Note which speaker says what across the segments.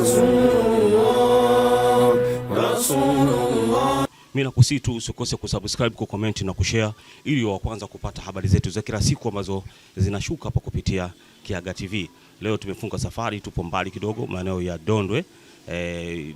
Speaker 1: Rasulullah, Rasulullah. Mimi nakusii tu usikose kusubscribe, comment na kushare ili wa kwanza kupata habari zetu za kila siku ambazo zinashuka hapa kupitia Kiyaga TV. Leo tumefunga safari, tupo mbali kidogo maeneo ya Dondwe eh,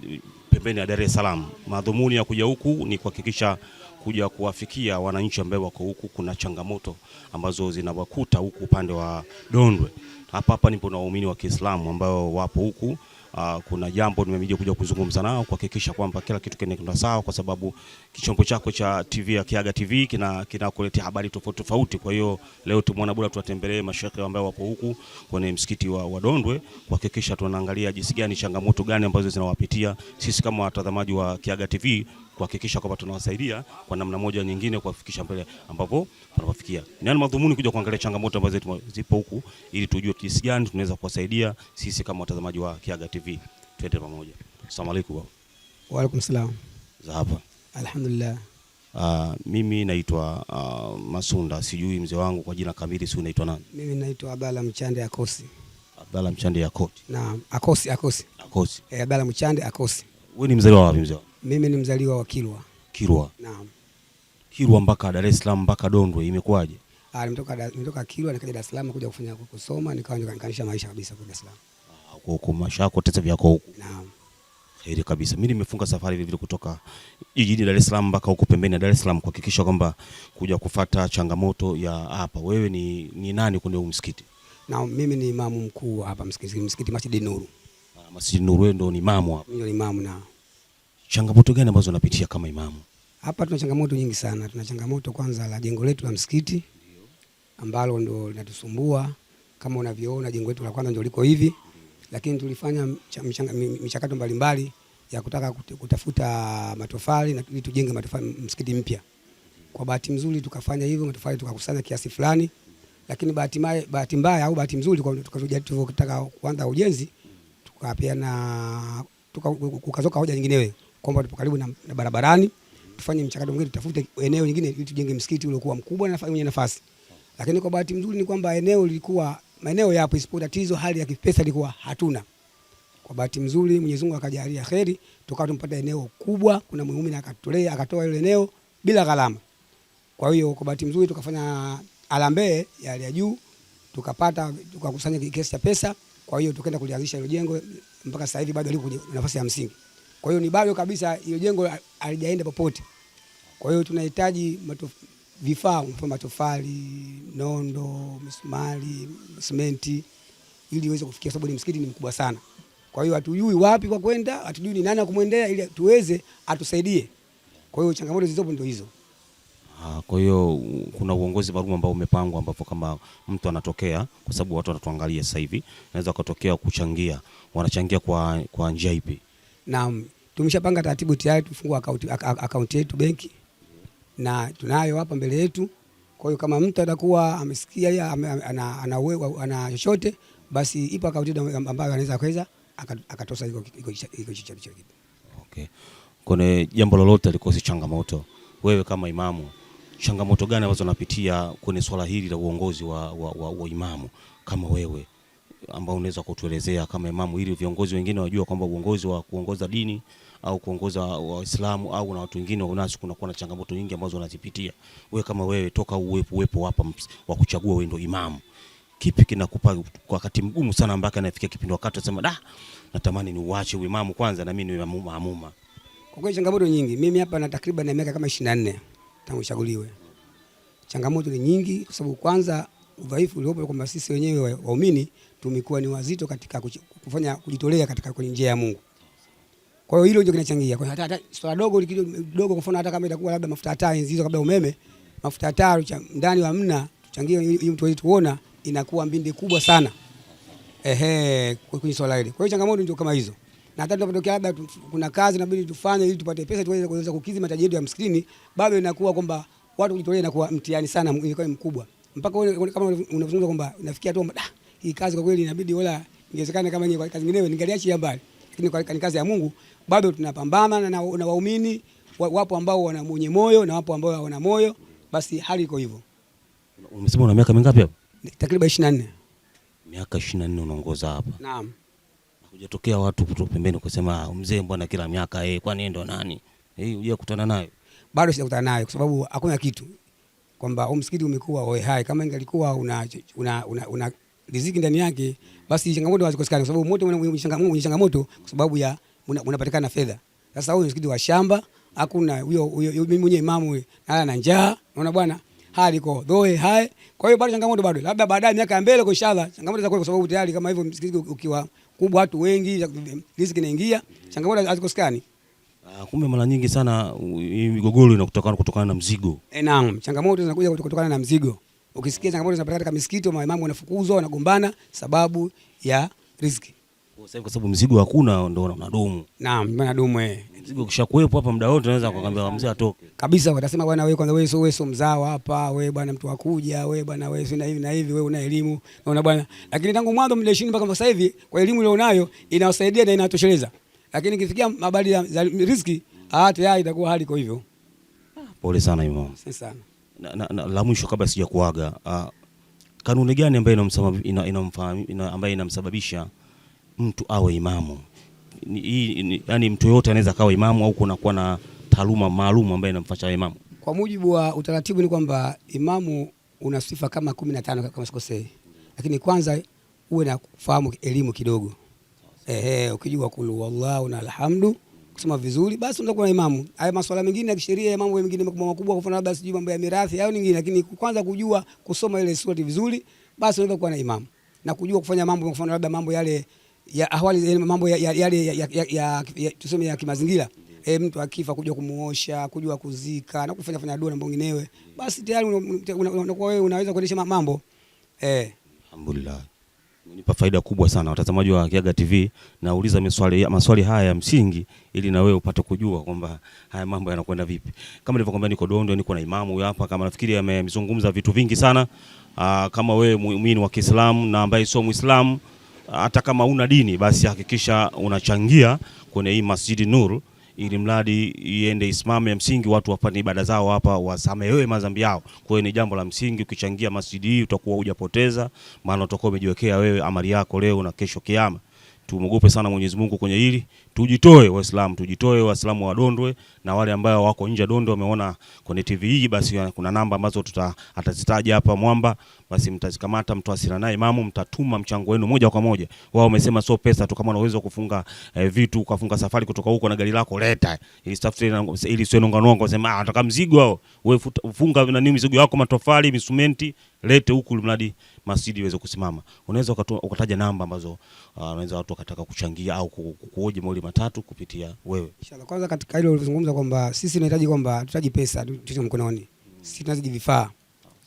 Speaker 1: pembeni ya Dar es Salaam. Madhumuni ya kuja huku ni kuhakikisha kuja kuwafikia wananchi ambao wako huku. Kuna changamoto ambazo zinawakuta huku upande wa Dondwe hapa hapa, nipo na waumini wa Kiislamu ambao wapo huku Ah, kuna jambo nimekuja kuja kuzungumza nao kuhakikisha kwamba kila kitu kinaenda sawa, kwa sababu kichombo chako cha TV ya Kiyaga TV kina kinakuletea habari tofauti tofauti. Kwa hiyo leo tumeona bora tuwatembelee mashekhe ambao wapo huku kwenye msikiti wa, Wadondwe kuhakikisha tunaangalia jinsi gani, changamoto gani ambazo zinawapitia sisi kama watazamaji wa Kiyaga TV kuhakikisha kwamba tunawasaidia kwa namna moja nyingine kuwafikisha mbele ambapo tunapofikia. Ni madhumuni kuja kuangalia changamoto ambazo zipo huku ili tujue jinsi gani tunaweza kuwasaidia sisi kama watazamaji wa Kiyaga TV. Twende pamoja. Asalamu alaykum. Wa alaykum salaam. Za hapa.
Speaker 2: Alhamdulillah.
Speaker 1: Uh, mimi naitwa uh, Masunda, sijui mzee wangu kwa jina kamili, si unaitwa nani?
Speaker 2: Mimi naitwa Abala Mchande Akosi.
Speaker 1: Abala Mchande Akosi.
Speaker 2: Naam, Akosi Akosi. Akosi. Eh, Abala Mchande Akosi.
Speaker 1: Wewe ni mzaliwa wapi mzee wangu?
Speaker 2: Mimi ni mzaliwa wa Kilwa. Kilwa. Naam.
Speaker 1: Kilwa mpaka Dar es Salaam mpaka Dondwe imekuwaje?
Speaker 2: Ah, nimetoka nimetoka Kilwa nikaja Dar es Salaam kuja kufanya kusoma nikawa nikaanisha maisha kabisa kwa Dar es Salaam.
Speaker 1: Ah, huko huko mashako yako tete vyako huko. Naam. Heri kabisa. Mimi nimefunga safari vile vile kutoka jijini Dar es Salaam mpaka huko pembeni ya Dar es Salaam kuhakikisha kwamba kuja kufata changamoto ya hapa. Wewe ni, ni nani kwenye huu msikiti?
Speaker 2: Naam, mimi ni imamu mkuu hapa msikiti msikiti Masjid Nuru.
Speaker 1: Ah, Masjid Nuru ndio ni imamu hapa.
Speaker 2: Mimi ni imamu na
Speaker 1: Changamoto gani ambazo unapitia kama imamu?
Speaker 2: Hapa tuna changamoto nyingi sana. Tuna changamoto kwanza la jengo letu la msikiti ambalo ndo linatusumbua kama unavyoona, jengo letu la kwanza ndio liko hivi, lakini tulifanya michakato mbalimbali ya kutaka kutafuta matofali na ili tujenge matofali msikiti mpya. Kwa bahati nzuri tukafanya hivyo, matofali tukakusanya kiasi fulani, lakini bahati mbaya, bahati mbaya au bahati nzuri, kwa tulivyotaka kuanza ujenzi tukapeana tukazoka hoja wewe kwamba tupo karibu na, na barabarani tufanye mchakato mwingine, tutafute eneo lingine ili tujenge msikiti uliokuwa mkubwa na wenye nafasi. Lakini kwa bahati nzuri ni kwamba eneo lilikuwa maeneo yapo, isipo tatizo hali ya kipesa ilikuwa hatuna. Kwa bahati nzuri Mwenyezi Mungu akajalia kheri, tukawa tumpata eneo kubwa, kuna muumini akatolea akatoa ile eneo bila gharama. Kwa hiyo kwa bahati nzuri tukafanya alambee ya hali ya juu, tukapata tukakusanya kiasi cha pesa. Kwa hiyo tukaenda kulianzisha ile jengo, mpaka sasa hivi bado liko nafasi ya msingi. Kwa hiyo ni bado kabisa, hiyo jengo halijaenda popote. Kwa hiyo tunahitaji vifaa, mfano matofali, nondo, misumari, simenti ili iweze kufikia, sababu ni msikiti ni mkubwa sana. Kwa hiyo hatujui wapi kwa kwenda, hatujui ni nani akumwendea ili tuweze atusaidie. Kwa hiyo changamoto zilizopo ndio hizo.
Speaker 1: Ah, kwa hiyo kuna uongozi maalum ambao umepangwa, ambapo kama mtu anatokea, kwa sababu watu wanatuangalia sasa hivi, naweza kutokea kuchangia, wanachangia kwa, kwa njia ipi?
Speaker 2: Naam, tumeshapanga taratibu tayari, tufungua akaunti akaunti yetu benki na tunayo hapa mbele yetu. Kwa hiyo kama mtu atakuwa amesikia ana chochote, basi ipo akaunti ambayo anaweza kuweza akatosa iko
Speaker 1: okay. Kwenye jambo lolote likosi changamoto, wewe kama imamu, changamoto gani ambazo unapitia kwenye swala hili la uongozi wa, wa, wa, wa imamu kama wewe ambao unaweza kutuelezea kama imamu, ili viongozi wengine wajua kwamba uongozi wa kuongoza dini au kuongoza Waislamu au na watu wengine wanasi, kunakuwa na changamoto nyingi ambazo wanazipitia. We kama wewe toka uwepo uwepo hapa wa kuchagua wewe ndio imamu, kipi kinakupa wakati mgumu sana mpaka anafikia kipindi wakati unasema da, natamani niuache uimamu kwanza na mimi niwe maamuma?
Speaker 2: Kwa kweli changamoto nyingi. Mimi hapa na takriban miaka kama 24 tangu chaguliwe, changamoto ni nyingi kwa sababu kwanza udhaifu uliopo kwamba sisi wenyewe waumini tumekuwa ni wazito katika kufanya kujitolea katika kwenye njia ya Mungu. Kwa hiyo hilo ndio kinachangia. Kwa hata swala dogo kidogo, kwa mfano hata kama itakuwa labda mafuta taa hizo kabla umeme, mafuta taa ndani wa mna tuchangie hiyo mtu wetu tuona inakuwa mbindi kubwa sana. Ehe, kwenye swala hili. Kwa hiyo changamoto ndio kama hizo. Na hata tunapotokea labda kuna kazi inabidi tufanye ili tupate pesa tuweze kuweza kukidhi mahitaji yetu ya msikitini, bado inakuwa kwamba watu kujitolea inakuwa mtihani sana, ilikuwa mkubwa mpaka wewe kama unazungumza kwamba nafikia tu da, ah, hii kazi kwa kweli inabidi, wala ingewezekana kama nyinyi kazi nyingine ningaliachia mbali, lakini kwa kazi ya Mungu bado tunapambana na, na, na waumini wapo ambao wana mwenye moyo na wapo ambao hawana moyo, basi hali iko hivyo.
Speaker 1: Umesema una miaka mingapi hapa?
Speaker 2: Takriban 24.
Speaker 1: Miaka 24 unaongoza hapa. Naam. Hujatokea watu kutoka pembeni kusema ah, mzee, mbona kila miaka eh, kwani ndo nani? Eh, hujakutana naye?
Speaker 2: Bado sijakutana naye kwa sababu hakuna kitu kwamba huu msikiti umekuwa oe hai. Kama ingelikuwa una, una, una, una riziki ndani yake, basi changamoto hazikosekani, kwa sababu moto mwenye changamoto kwa sababu ya unapatikana fedha. Sasa huyo msikiti wa shamba hakuna huyo mimi mwenyewe imamu nala na njaa, unaona bwana, hali iko dhoe hai. Kwa hiyo bado changamoto bado, labda baadaye miaka ya mbele, kwa inshallah changamoto za kwa sababu tayari kama hivyo msikiti ukiwa kubwa, watu wengi, riziki inaingia, changamoto hazikosekani.
Speaker 1: Ah, kumbe mara nyingi sana migogoro inakutokana kutokana na mzigo.
Speaker 2: Eh, naam, changamoto zinakuja kutokana na mzigo. Ukisikia changamoto zinapatikana katika misikiti, maimamu wanafukuzwa, wanagombana sababu ya riziki.
Speaker 1: Kwa sababu kwa sababu mzigo hakuna ndio unadumu.
Speaker 2: Naam, ndio unadumu eh.
Speaker 1: Mzigo ukishakuepo hapa muda wote unaweza kukwambia eh, mzee atoke.
Speaker 2: Kabisa watasema bwana wewe kwanza wewe sio wewe sio mzao hapa, wewe bwana mtu wa kuja, wewe bwana wewe sio na hivi na hivi, wewe una elimu. Unaona bwana. Lakini tangu mwanzo mleshini mpaka sasa hivi kwa elimu ile unayo inawasaidia na inatosheleza lakini kifikia habari ya riziki ah, tayari itakuwa hali iko hivyo.
Speaker 1: Ah, pole sana Imam. Sana. Na, na, na, la mwisho kabla sija kuaga ah, kanuni gani ambayo inamsababisha ambayo inamsababisha mtu awe imamu? Hii yani mtu yote anaweza kawa imamu au kuwa na taaluma maalum ambayo inamfanya imamu?
Speaker 2: Kwa mujibu wa utaratibu ni kwamba imamu una sifa kama kumi na tano kama sikosei, lakini kwanza uwe na kufahamu elimu kidogo Ehe, ukijua kulu wallahu na alhamdu kusema vizuri, basi unaweza kuwa imamu. Haya masuala mengine ya kisheria ya mambo mengine makubwa makubwa, kwa mfano labda sijui mambo ya mirathi au nyingine, lakini kwanza kujua kusoma ile sura vizuri, basi unaweza kuwa na imamu na kujua kufanya mambo, kwa mfano labda mambo yale ya ahwali, eh, mambo yale ya tuseme ya kimazingira E, mtu akifa kujua kumuosha, kujua kuzika na kufanya fanya dua na mambo mengine, basi tayari unakuwa wewe unaweza kuendesha mambo eh. Alhamdulillah imenipa faida kubwa sana. Watazamaji wa Kiyaga TV, nauliza maswali maswali haya ya msingi ili na wewe upate kujua kwamba haya mambo yanakwenda vipi. Kama nilivyokuambia, niko Dondo, niko na imamu huyu hapa, kama nafikiri amezungumza vitu vingi sana. Aa, ah, kama wewe muumini wa Kiislamu na ambaye sio Muislamu, hata kama una dini, basi hakikisha unachangia kwenye hii Masjidi Nur ili mradi iende isimame, ya msingi watu wafanye ibada zao hapa, wasamehewe madhambi yao. Kwa hiyo ni jambo la msingi. Ukichangia masjidi hii utakuwa hujapoteza, maana utakuwa umejiwekea wewe amali yako leo na kesho kiama. tumogope sana Mwenyezi Mungu kwenye hili tujitoe Waislamu, tujitoe Waislamu wa Dondwe na wale ambao wako nje Dondwe wameona kwenye TV hii, basi kuna namba ambazo atazitaja hapa Mwamba, basi mtazikamata, mtawasiliana naye Imamu, mtatuma mchango wenu moja kwa moja. Wao wamesema sio pesa tu, kama una uwezo kufunga eh, vitu ukafunga safari kutoka huko na gari lako leta, ili staff ili sio nonga nonga, wasema ah, nataka mzigo wao, wewe funga na nini mzigo wako, matofali, misumenti lete huku mradi masjidi iweze kusimama. Unaweza ukataja namba ambazo ah, unaweza uh, watu wakataka kuchangia au kuoje mauli Jumatatu kupitia wewe. Inshallah. Kwanza katika hilo ulizungumza kwamba sisi tunahitaji kwamba tunahitaji pesa tuje mkononi. Sisi tunahitaji vifaa.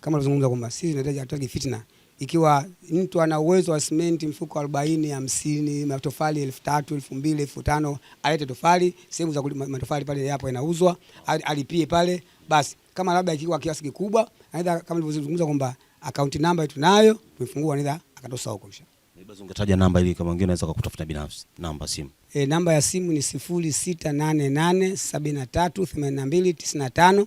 Speaker 2: Kama ulizungumza kwamba sisi tunahitaji hatutaki fitna. Ikiwa mtu ana uwezo wa simenti mfuko 40, 50, matofali 3000, 2000, 5000, alete tofali, sehemu za matofali pale yapo yanauzwa, alipie pale. Basi kama labda ikiwa kiasi kikubwa, aidha kama nilivyozungumza kwamba akaunti namba tunayo, tumefungua anaweza akatosa huko inshallah. Ungetaja namba ili kama wengine wanaweza kukutafuta binafsi, namba simu e, namba ya simu ni 0688738295.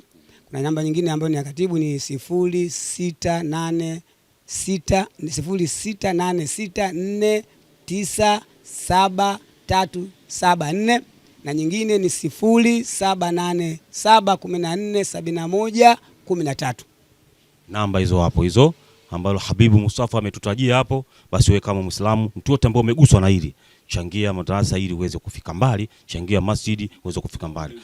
Speaker 2: Kuna namba nyingine ambayo ni ya katibu ni 0686 nne na nyingine ni 0787147113. Namba hizo hapo hizo ambalo Habibu Mustafa ametutajia hapo, basi wewe kama Muislamu, mtu yote ambaye umeguswa na hili, changia madarasa ili uweze kufika mbali, changia masjidi uweze kufika mbali.